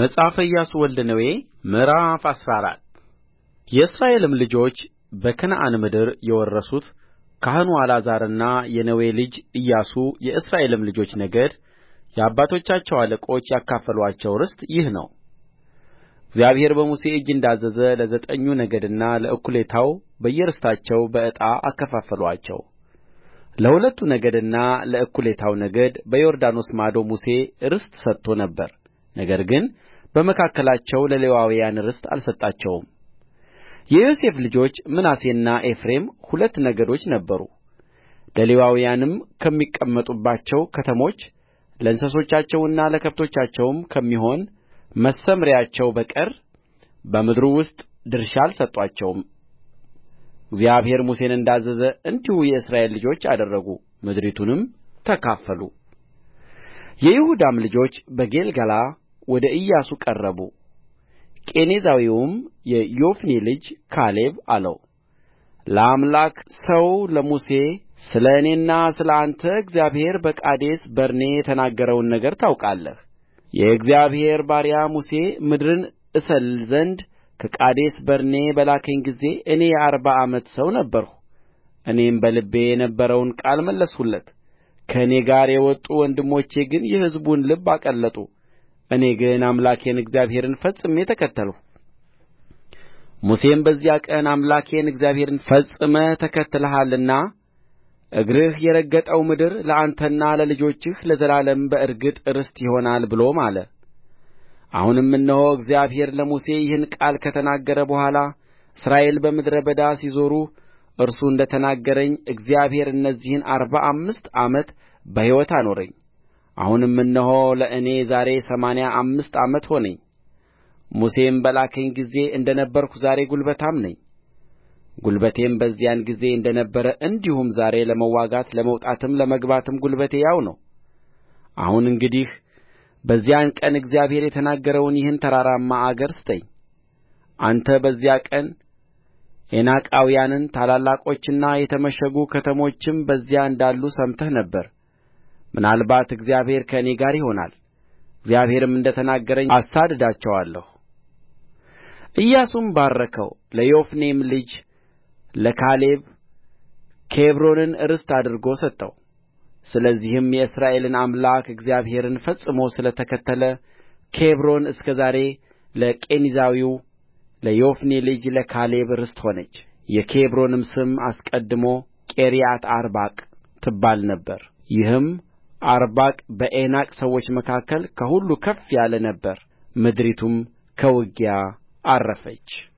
መጽሐፈ ኢያሱ ወልደ ነዌ ምዕራፍ አስራ አራት የእስራኤልም ልጆች በከነዓን ምድር የወረሱት ካህኑ አልዓዛርና የነዌ ልጅ ኢያሱ የእስራኤልም ልጆች ነገድ የአባቶቻቸው አለቆች ያካፈሉአቸው ርስት ይህ ነው። እግዚአብሔር በሙሴ እጅ እንዳዘዘ ለዘጠኙ ነገድና ለእኩሌታው በየርስታቸው በዕጣ አከፋፈሏቸው። ለሁለቱ ነገድና ለእኩሌታው ነገድ በዮርዳኖስ ማዶ ሙሴ ርስት ሰጥቶ ነበር። ነገር ግን በመካከላቸው ለሌዋውያን ርስት አልሰጣቸውም የዮሴፍ ልጆች ምናሴና ኤፍሬም ሁለት ነገዶች ነበሩ ለሌዋውያንም ከሚቀመጡባቸው ከተሞች ለእንስሶቻቸውና ለከብቶቻቸውም ከሚሆን መሰምርያቸው በቀር በምድሩ ውስጥ ድርሻ አልሰጡአቸውም እግዚአብሔር ሙሴን እንዳዘዘ እንዲሁ የእስራኤል ልጆች አደረጉ ምድሪቱንም ተካፈሉ የይሁዳም ልጆች በጌልገላ ወደ ኢያሱ ቀረቡ ቄኔዛዊውም የዮፎኒ ልጅ ካሌብ አለው ለአምላክ ሰው ለሙሴ ስለ እኔና ስለ አንተ እግዚአብሔር በቃዴስ በርኔ የተናገረውን ነገር ታውቃለህ የእግዚአብሔር ባሪያ ሙሴ ምድርን እሰልል ዘንድ ከቃዴስ በርኔ በላከኝ ጊዜ እኔ የአርባ ዓመት ሰው ነበርሁ እኔም በልቤ የነበረውን ቃል መለስሁለት ከእኔ ጋር የወጡ ወንድሞቼ ግን የሕዝቡን ልብ አቀለጡ እኔ ግን አምላኬን እግዚአብሔርን ፈጽሜ ተከተልሁ ሙሴም በዚያ ቀን አምላኬን እግዚአብሔርን ፈጽመህ ተከትለሃልና እግርህ የረገጠው ምድር ለአንተና ለልጆችህ ለዘላለም በእርግጥ ርስት ይሆናል ብሎ ማለ። አሁንም እነሆ እግዚአብሔር ለሙሴ ይህን ቃል ከተናገረ በኋላ እስራኤል በምድረ በዳ ሲዞሩ እርሱ እንደ ተናገረኝ እግዚአብሔር እነዚህን አርባ አምስት ዓመት በሕይወት አኖረኝ። አሁንም እነሆ ለእኔ ዛሬ ሰማንያ አምስት ዓመት ሆነኝ ሙሴም በላከኝ ጊዜ እንደ ነበርሁ ዛሬ ጕልበታም ነኝ ጕልበቴም በዚያን ጊዜ እንደ ነበረ እንዲሁም ዛሬ ለመዋጋት ለመውጣትም ለመግባትም ጕልበቴ ያው ነው አሁን እንግዲህ በዚያን ቀን እግዚአብሔር የተናገረውን ይህን ተራራማ አገር ስጠኝ አንተ በዚያ ቀን ዔናቃውያንን ታላላቆችና የተመሸጉ ከተሞችም በዚያ እንዳሉ ሰምተህ ነበር ምናልባት እግዚአብሔር ከእኔ ጋር ይሆናል እግዚአብሔርም እንደ ተናገረኝ አሳድዳቸዋለሁ ኢያሱም ባረከው ለዮፎኔም ልጅ ለካሌብ ኬብሮንን ርስት አድርጎ ሰጠው ስለዚህም የእስራኤልን አምላክ እግዚአብሔርን ፈጽሞ ስለ ተከተለ ኬብሮን እስከ ዛሬ ለቄኔዛዊው ለዮፍኔ ልጅ ለካሌብ ርስት ሆነች የኬብሮንም ስም አስቀድሞ ቂርያትአርባቅ ትባል ነበር ይህም አርባቅ በዔናቅ ሰዎች መካከል ከሁሉ ከፍ ያለ ነበረ ምድሪቱም ከውጊያ ዐረፈች